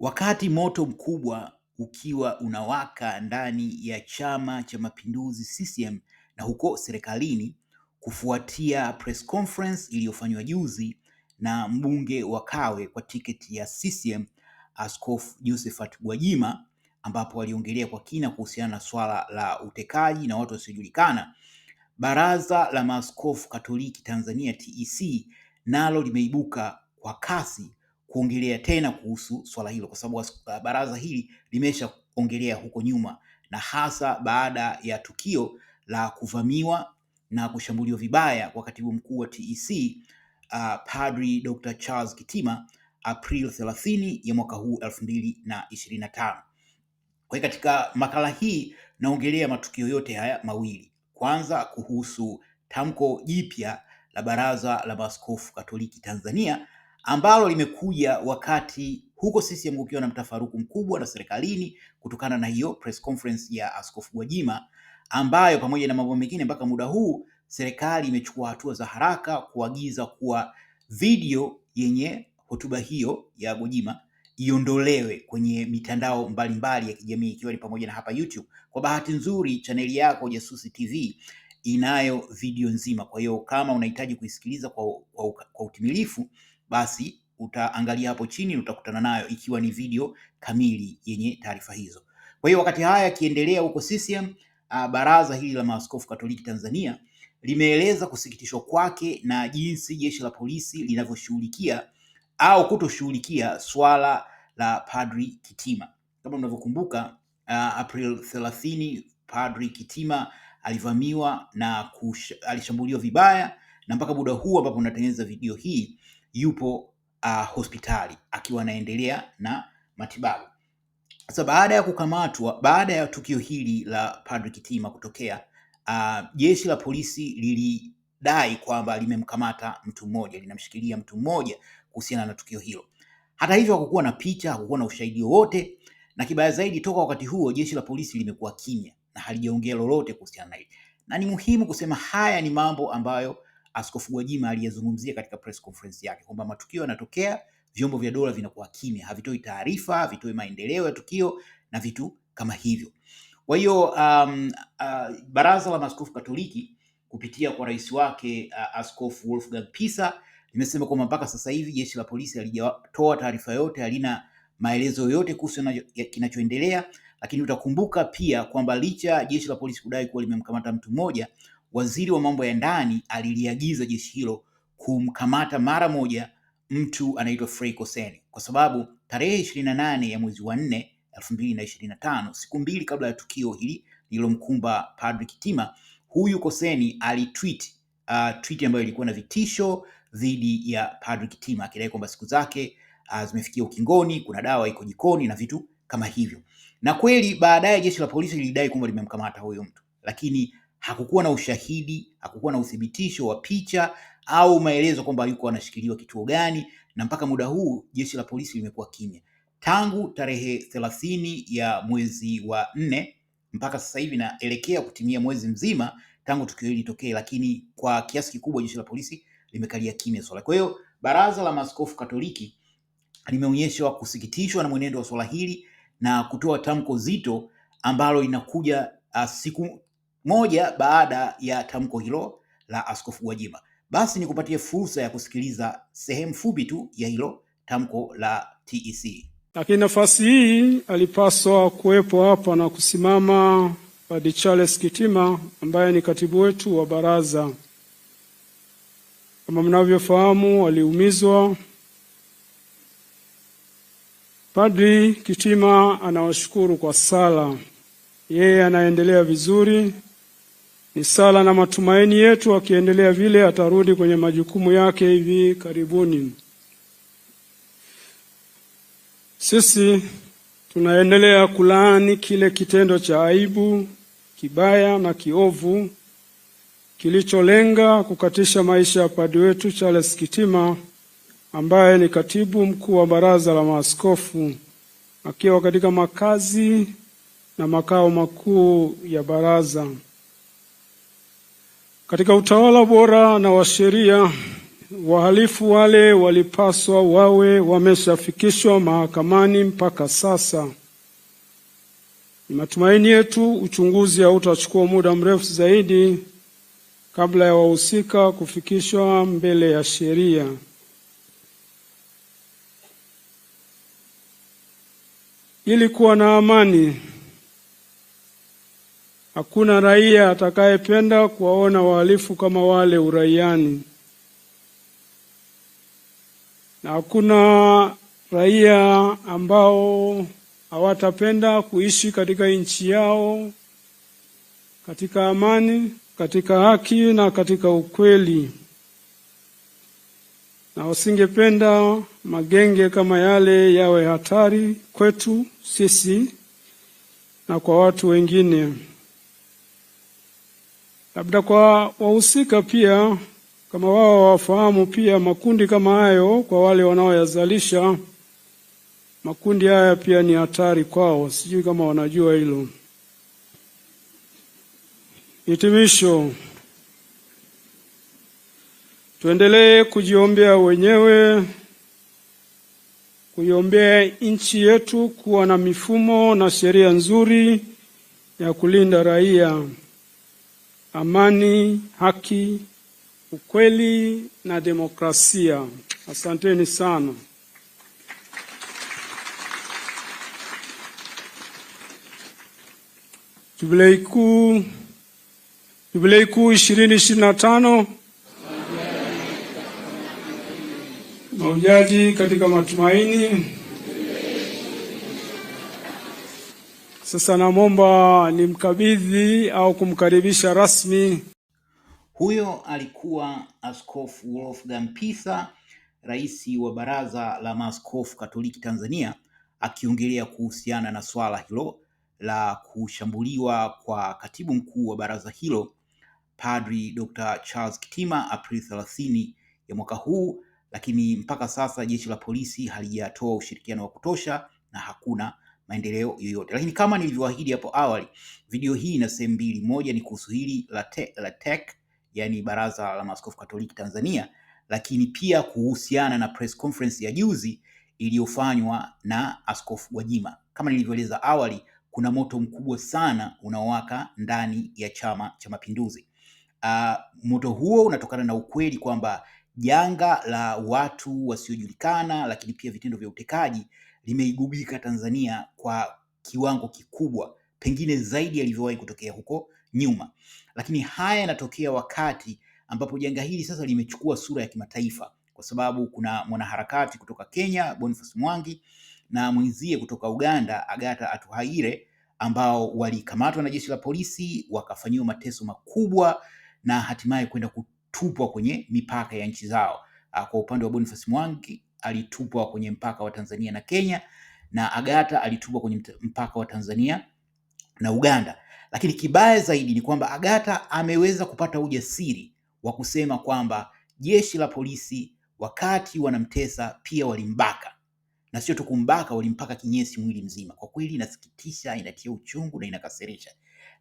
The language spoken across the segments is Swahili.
Wakati moto mkubwa ukiwa unawaka ndani ya Chama cha Mapinduzi CCM na huko serikalini kufuatia press conference iliyofanywa juzi na mbunge wa Kawe kwa tiketi ya CCM Askofu Josephat Gwajima, ambapo waliongelea kwa kina kuhusiana na swala la utekaji na watu wasiojulikana. Baraza la Maaskofu Katoliki Tanzania TEC nalo limeibuka kwa kasi kuongelea tena kuhusu swala hilo, kwa sababu uh, baraza hili limeshaongelea huko nyuma, na hasa baada ya tukio la kuvamiwa na kushambuliwa vibaya kwa katibu mkuu wa TEC uh, Padri Dr. Charles Kitima April 30 ya mwaka huu 2025. Kwa hiyo katika makala hii naongelea matukio yote haya mawili. Kwanza kuhusu tamko jipya la Baraza la Maaskofu Katoliki Tanzania ambalo limekuja wakati huko CCM kukiwa na mtafaruku mkubwa na serikalini kutokana na hiyo press conference ya Askofu Gwajima ambayo pamoja na mambo mengine mpaka muda huu serikali imechukua hatua za haraka kuagiza kuwa video yenye hotuba hiyo ya Gwajima iondolewe kwenye mitandao mbalimbali mbali ya kijamii ikiwa ni pamoja na hapa YouTube. Kwa bahati nzuri, chaneli yako Jasusi TV inayo video nzima, kwa hiyo kama unahitaji kuisikiliza kwa, kwa, kwa utimilifu basi utaangalia hapo chini utakutana nayo ikiwa ni video kamili yenye taarifa hizo. Kwa hiyo wakati haya yakiendelea huko CCM, baraza hili la maaskofu Katoliki Tanzania limeeleza kusikitishwa kwake na jinsi jeshi la polisi linavyoshughulikia au kutoshughulikia swala la Padri Kitima. Kama mnavyokumbuka, uh, April 30 Padri Kitima alivamiwa na alishambuliwa vibaya na mpaka muda huu ambapo unatengeneza video hii yupo uh, hospitali akiwa anaendelea na matibabu. Sasa baada ya kukamatwa, baada ya tukio hili la Padre Kitima kutokea, uh, jeshi la polisi lilidai kwamba limemkamata mtu mmoja, linamshikilia mtu mmoja kuhusiana na tukio hilo. Hata hivyo, hakukuwa na picha, hakukuwa na ushahidi wowote, na kibaya zaidi, toka wakati huo jeshi la polisi limekuwa kimya na halijaongea lolote kuhusiana na hili, na ni muhimu kusema haya ni mambo ambayo Askofu Gwajima aliyezungumzia katika press conference yake kwamba matukio yanatokea, vyombo vya dola vinakuwa kimya, havitoi taarifa, havitoi maendeleo ya tukio na vitu kama hivyo. Kwa hiyo um, uh, Baraza la Maaskofu Katoliki kupitia kwa rais wake uh, Askofu Wolfgang Pisa limesema kwamba mpaka sasa hivi jeshi la polisi halijatoa taarifa yoyote, halina maelezo yoyote kuhusu kinachoendelea. Lakini utakumbuka pia kwamba licha jeshi la polisi kudai kuwa limemkamata mtu mmoja, waziri wa mambo ya ndani aliliagiza jeshi hilo kumkamata mara moja mtu anaitwa Frey Koseni kwa sababu tarehe ishirini na nane ya mwezi wa nne elfu mbili na ishirini na tano siku mbili kabla ya tukio hili lililomkumba Padri Kitima, huyu Koseni alitweet uh, tweet ambayo ilikuwa na vitisho dhidi ya Padri Kitima akidai kwamba siku zake uh, zimefikia ukingoni, kuna dawa iko jikoni na vitu kama hivyo. Na kweli baadaye jeshi la polisi lilidai kwamba limemkamata huyo mtu, lakini hakukuwa na ushahidi, hakukuwa na uthibitisho wa picha au maelezo kwamba yuko anashikiliwa kituo gani, na mpaka muda huu jeshi la polisi limekuwa kimya tangu tarehe thelathini ya mwezi wa nne mpaka sasa hivi, naelekea kutimia mwezi mzima tangu tukio hili litokee, lakini kwa kiasi kikubwa jeshi la polisi limekalia kimya swala. Kwa hiyo Baraza la Maaskofu Katoliki limeonyeshwa kusikitishwa na mwenendo wa swala hili na kutoa tamko zito ambalo linakuja ah, siku moja baada ya tamko hilo la Askofu Gwajima. Basi nikupatie fursa ya kusikiliza sehemu fupi tu ya hilo tamko la TEC. Lakini nafasi hii alipaswa kuwepo hapa na kusimama Padre Charles Kitima ambaye ni katibu wetu wa baraza. Kama mnavyofahamu, aliumizwa. Padri Kitima anawashukuru kwa sala, yeye anaendelea vizuri ni sala na matumaini yetu akiendelea vile atarudi kwenye majukumu yake hivi karibuni. Sisi tunaendelea kulaani kile kitendo cha aibu, kibaya na kiovu kilicholenga kukatisha maisha ya padri wetu Charles Kitima ambaye ni katibu mkuu wa Baraza la Maaskofu akiwa katika makazi na makao makuu ya baraza. Katika utawala bora na wa sheria, wahalifu wale walipaswa wawe wameshafikishwa mahakamani mpaka sasa. Ni matumaini yetu uchunguzi hautachukua muda mrefu zaidi kabla ya wahusika kufikishwa mbele ya sheria. Ili kuwa na amani Hakuna raia atakayependa kuwaona wahalifu kama wale uraiani, na hakuna raia ambao hawatapenda kuishi katika nchi yao katika amani, katika haki na katika ukweli, na wasingependa magenge kama yale yawe hatari kwetu sisi na kwa watu wengine. Labda kwa wahusika pia, kama wao wafahamu pia makundi kama hayo, kwa wale wanaoyazalisha makundi haya pia ni hatari kwao, sijui kama wanajua hilo. Hitimisho, tuendelee kujiombea wenyewe, kuiombea nchi yetu kuwa na mifumo na sheria nzuri ya kulinda raia amani, haki, ukweli na demokrasia. Asanteni sana. Jubilei kuu Jubilei kuu ishirini ishirini na tano mahujaji katika matumaini. Sasa namwomba nimkabidhi au kumkaribisha rasmi. Huyo alikuwa Askofu Wolfgang Pisa, rais wa Baraza la Maaskofu Katoliki Tanzania, akiongelea kuhusiana na swala hilo la kushambuliwa kwa katibu mkuu wa baraza hilo Padri Dr. Charles Kitima Aprili thelathini ya mwaka huu, lakini mpaka sasa jeshi la polisi halijatoa ushirikiano wa kutosha na hakuna maendeleo yoyote. Lakini kama nilivyoahidi hapo awali, video hii ina sehemu mbili. Moja ni kuhusu hili la te, la TEC, yani Baraza la Maaskofu Katoliki Tanzania, lakini pia kuhusiana na press conference ya juzi iliyofanywa na Askofu Gwajima. Kama nilivyoeleza awali, kuna moto mkubwa sana unaowaka ndani ya Chama cha Mapinduzi. Uh, moto huo unatokana na ukweli kwamba janga la watu wasiojulikana, lakini pia vitendo vya utekaji limeigubika Tanzania kwa kiwango kikubwa, pengine zaidi yalivyowahi kutokea huko nyuma, lakini haya yanatokea wakati ambapo janga hili sasa limechukua sura ya kimataifa, kwa sababu kuna mwanaharakati kutoka Kenya Boniface Mwangi na mwenzie kutoka Uganda agata Atuhaire ambao walikamatwa na jeshi la polisi wakafanyiwa mateso makubwa na hatimaye kwenda kutupwa kwenye mipaka ya nchi zao. Ah, kwa upande wa Boniface Mwangi alitupwa kwenye mpaka wa Tanzania na Kenya na Agata alitupwa kwenye mpaka wa Tanzania na Uganda. Lakini kibaya zaidi ni kwamba Agata ameweza kupata ujasiri wa kusema kwamba jeshi la polisi wakati wanamtesa pia walimbaka, na sio tu kumbaka, walimpaka kinyesi mwili mzima. Kwa kweli inasikitisha, inatia uchungu na inakasirisha,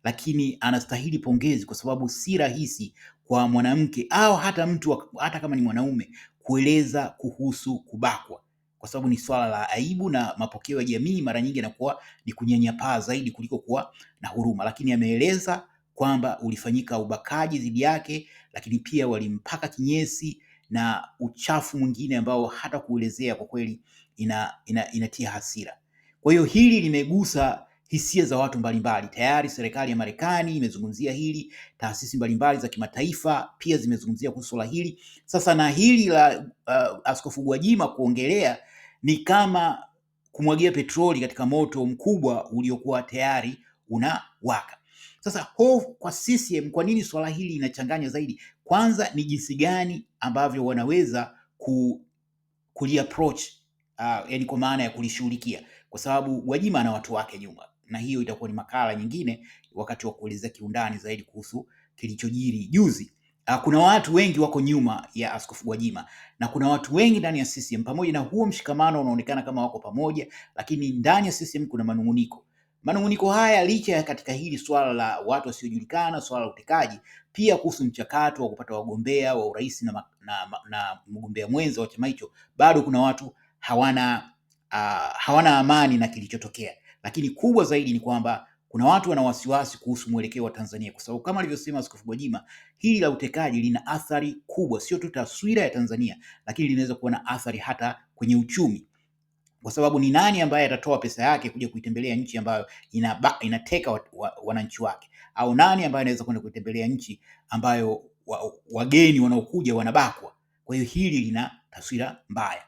lakini anastahili pongezi kwa sababu si rahisi kwa mwanamke au hata mtu hata kama ni mwanaume kueleza kuhusu kubakwa, kwa sababu ni swala la aibu na mapokeo ya jamii mara nyingi yanakuwa ni kunyanyapaa zaidi kuliko kuwa na huruma, lakini ameeleza kwamba ulifanyika ubakaji dhidi yake, lakini pia walimpaka kinyesi na uchafu mwingine ambao hata kuelezea kwa kweli ina, ina, inatia hasira. Kwa hiyo hili limegusa hisia za watu mbalimbali. Tayari serikali ya Marekani imezungumzia hili, taasisi mbalimbali za kimataifa pia zimezungumzia kuhusu swala hili. Sasa na hili la uh, Askofu Gwajima kuongelea ni kama kumwagia petroli katika moto mkubwa uliokuwa tayari unawaka. Sasa hofu kwa CCM, kwa nini swala hili linachanganya zaidi? Kwanza ni jinsi gani ambavyo wanaweza ku, kuliapproach uh, yani kwa maana ya kulishughulikia, kwa sababu Gwajima ana watu wake nyuma na hiyo itakuwa ni makala nyingine wakati wa kuelezea kiundani zaidi kuhusu kilichojiri juzi. Ah, kuna watu wengi wako nyuma ya Askofu Gwajima na kuna watu wengi ndani ya CCM, pamoja na huo mshikamano unaonekana kama wako pamoja, lakini ndani ya CCM kuna manunguniko. Manunguniko haya licha ya katika hili swala la watu wasiojulikana, swala la utekaji, pia kuhusu mchakato wa kupata wagombea wa urais na, na, na mgombea mwenza wa chama hicho, bado kuna watu hawana, uh, hawana amani na kilichotokea lakini kubwa zaidi ni kwamba kuna watu wana wasiwasi kuhusu mwelekeo wa Tanzania kwa sababu kama alivyosema Askofu Gwajima, hili la utekaji lina athari kubwa, sio tu taswira ya Tanzania, lakini linaweza kuwa na athari hata kwenye uchumi, kwa sababu ni nani ambaye atatoa pesa yake kuja kuitembelea nchi ambayo inaba, inateka wa, wa, wananchi wake, au nani ambaye anaweza kwenda kuitembelea nchi ambayo wageni wa wanaokuja wanabakwa? Kwa hiyo hili lina taswira mbaya.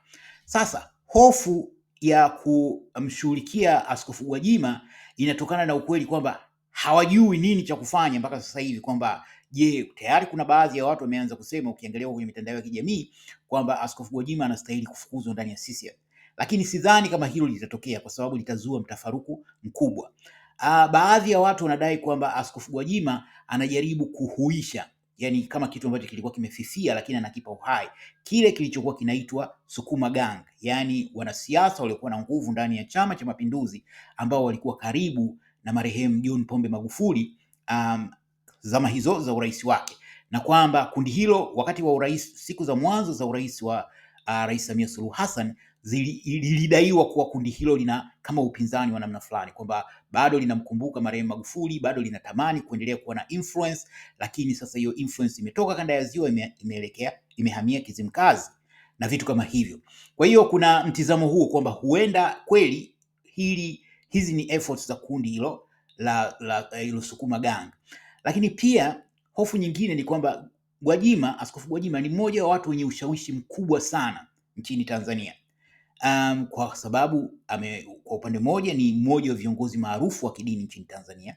Sasa hofu ya kumshughulikia Askofu Gwajima inatokana na ukweli kwamba hawajui nini cha kufanya mpaka sasa hivi, kwamba je, tayari kuna baadhi ya watu wameanza kusema, ukiangalia kwenye mitandao ya kijamii kwamba Askofu Gwajima anastahili kufukuzwa ndani ya CCM, lakini sidhani kama hilo litatokea kwa sababu litazua mtafaruku mkubwa. Ah, baadhi ya watu wanadai kwamba Askofu Gwajima anajaribu kuhuisha yani kama kitu ambacho kilikuwa kimefifia, lakini anakipa uhai kile kilichokuwa kinaitwa Sukuma Gang, yani wanasiasa waliokuwa na nguvu ndani ya Chama cha Mapinduzi ambao walikuwa karibu na marehemu John Pombe Magufuli um, zama hizo za urais wake, na kwamba kundi hilo wakati wa urais, siku za mwanzo za urais wa uh, Rais Samia Suluhu Hassan lilidaiwa kuwa kundi hilo lina kama upinzani wa namna fulani, kwamba bado linamkumbuka marehemu Magufuli, bado linatamani kuendelea kuwa na influence, lakini sasa hiyo influence imetoka kanda ya ziwa imeelekea imehamia Kizimkazi na vitu kama hivyo. Kwa hiyo kuna mtizamo huo kwamba huenda kweli hili hizi ni efforts za kundi hilo la, la, hilo eh, Sukuma Gang, lakini pia hofu nyingine ni kwamba Gwajima, Askofu Gwajima ni mmoja wa watu wenye ushawishi mkubwa sana nchini Tanzania um, kwa sababu ame, kwa upande mmoja ni mmoja wa viongozi maarufu wa kidini nchini Tanzania,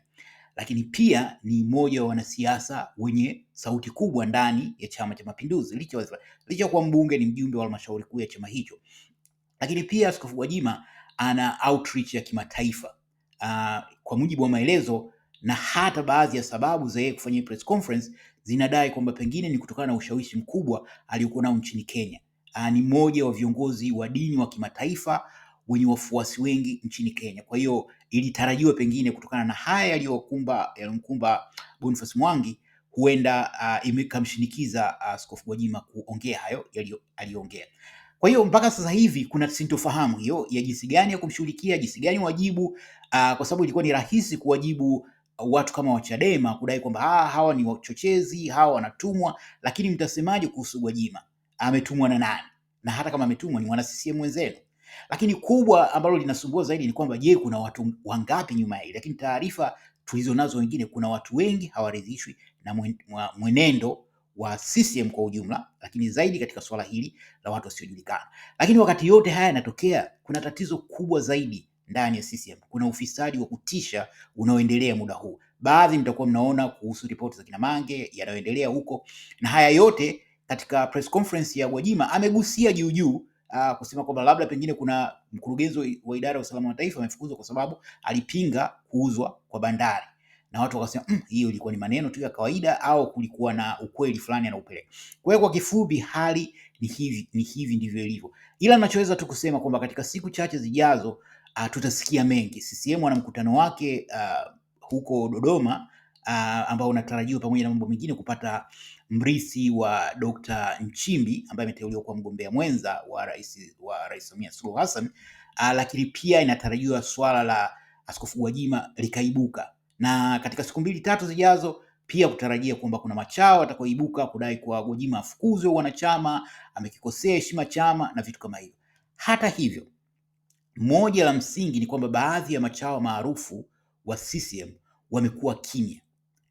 lakini pia ni mmoja wa wanasiasa wenye sauti kubwa ndani ya Chama cha Mapinduzi, licha licha kuwa mbunge, ni mjumbe wa halmashauri kuu ya chama hicho. Lakini pia Askofu Gwajima ana outreach ya kimataifa uh, kwa mujibu wa maelezo na hata baadhi ya sababu za yeye kufanya press conference zinadai kwamba pengine ni kutokana na ushawishi mkubwa aliokuwa nao nchini Kenya uh, ni mmoja wa viongozi wa dini wa kimataifa wenye wafuasi wengi nchini Kenya. Kwa hiyo ilitarajiwa pengine kutokana na haya yaliyokumba yaliyomkumba Boniface Mwangi huenda uh, imekamshinikiza ah, Askofu uh, Gwajima kuongea hayo aliyoongea. Kwa hiyo mpaka sasa hivi kuna sintofahamu hiyo ya jinsi gani ya kumshughulikia, jinsi gani wajibu uh, kwa sababu ilikuwa ni rahisi kuwajibu watu kama Wachadema kudai kwamba hawa ni wachochezi, hawa wanatumwa, lakini mtasemaje kuhusu Gwajima? ametumwa na nani, na hata kama ametumwa ni wana CCM wenzenu. Lakini kubwa ambalo linasumbua zaidi ni kwamba, je, kuna watu wangapi nyuma hii? Lakini taarifa tulizonazo wengine, kuna watu wengi hawaridhishwi na mwenendo wa CCM kwa ujumla, lakini zaidi katika swala hili la watu wasiojulikana. Lakini wakati yote haya yanatokea, kuna tatizo kubwa zaidi ndani ya CCM. Kuna ufisadi wa kutisha unaoendelea muda huu, baadhi mtakuwa mnaona kuhusu ripoti za kina Mange yanayoendelea huko, na haya yote katika press conference ya Gwajima amegusia juu juu Uh, kusema kwamba labda pengine kuna mkurugenzi wa idara ya usalama wa taifa amefukuzwa kwa sababu alipinga kuuzwa kwa bandari, na watu wakasema mmm, hiyo ilikuwa ni maneno tu ya kawaida au kulikuwa na ukweli fulani anaupeleka. Kwa hiyo kwa kifupi, hali ni hivi, ni hivi ndivyo ilivyo, ila ninachoweza tu kusema kwamba katika siku chache zijazo, uh, tutasikia mengi. CCM ana mkutano wake uh, huko Dodoma uh, ambao unatarajiwa pamoja na mambo mengine kupata mrithi wa Dr. Nchimbi ambaye ameteuliwa kuwa mgombea mwenza wa rais wa Rais Samia Suluhu Hassan, ah, lakini pia inatarajiwa swala la Askofu Gwajima likaibuka, na katika siku mbili tatu zijazo pia kutarajia kwamba kuna machao atakaoibuka kudai kuwa Gwajima afukuzwe wanachama, amekikosea heshima chama na vitu kama hivyo. Hata hivyo, moja la msingi ni kwamba baadhi ya machawa maarufu wa CCM wamekuwa kimya,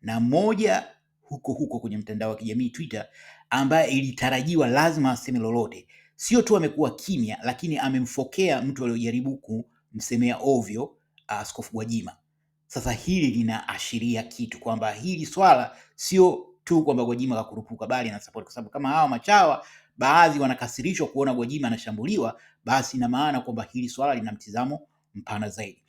na moja huko huko kwenye mtandao wa kijamii Twitter, ambaye ilitarajiwa lazima aseme lolote. Sio tu amekuwa kimya, lakini amemfokea mtu aliyojaribu kumsemea ovyo ah, Askofu uh, Gwajima. Sasa hili linaashiria kitu kwamba hili swala sio tu kwamba Gwajima kakurupuka, bali na support, kwa sababu kama hawa machawa baadhi wanakasirishwa kuona Gwajima anashambuliwa, basi ina maana kwamba hili swala lina mtizamo mpana zaidi.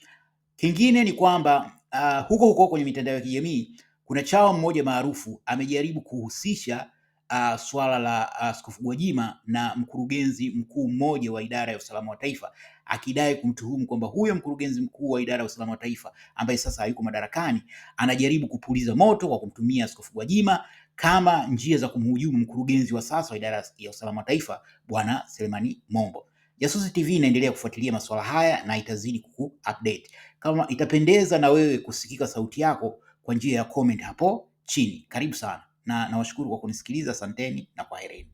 Kingine ni kwamba uh, huko huko kwenye mitandao ya kijamii kuna chawa mmoja maarufu amejaribu kuhusisha uh, swala la ah, Askofu uh, Gwajima na mkurugenzi mkuu mmoja wa idara ya usalama wa taifa, akidai kumtuhumu kwamba huyo mkurugenzi mkuu wa idara ya usalama wa taifa ambaye sasa hayuko madarakani anajaribu kupuliza moto kwa kumtumia Askofu Gwajima kama njia za kumhujumu mkurugenzi wa sasa wa idara ya usalama wa taifa Bwana Selemani Mombo. Jasusi TV inaendelea kufuatilia masuala haya na itazidi kuku update. Kama itapendeza na wewe kusikika sauti yako kwa njia ya comment hapo chini. Karibu sana na nawashukuru kwa kunisikiliza, asanteni na kwaherini.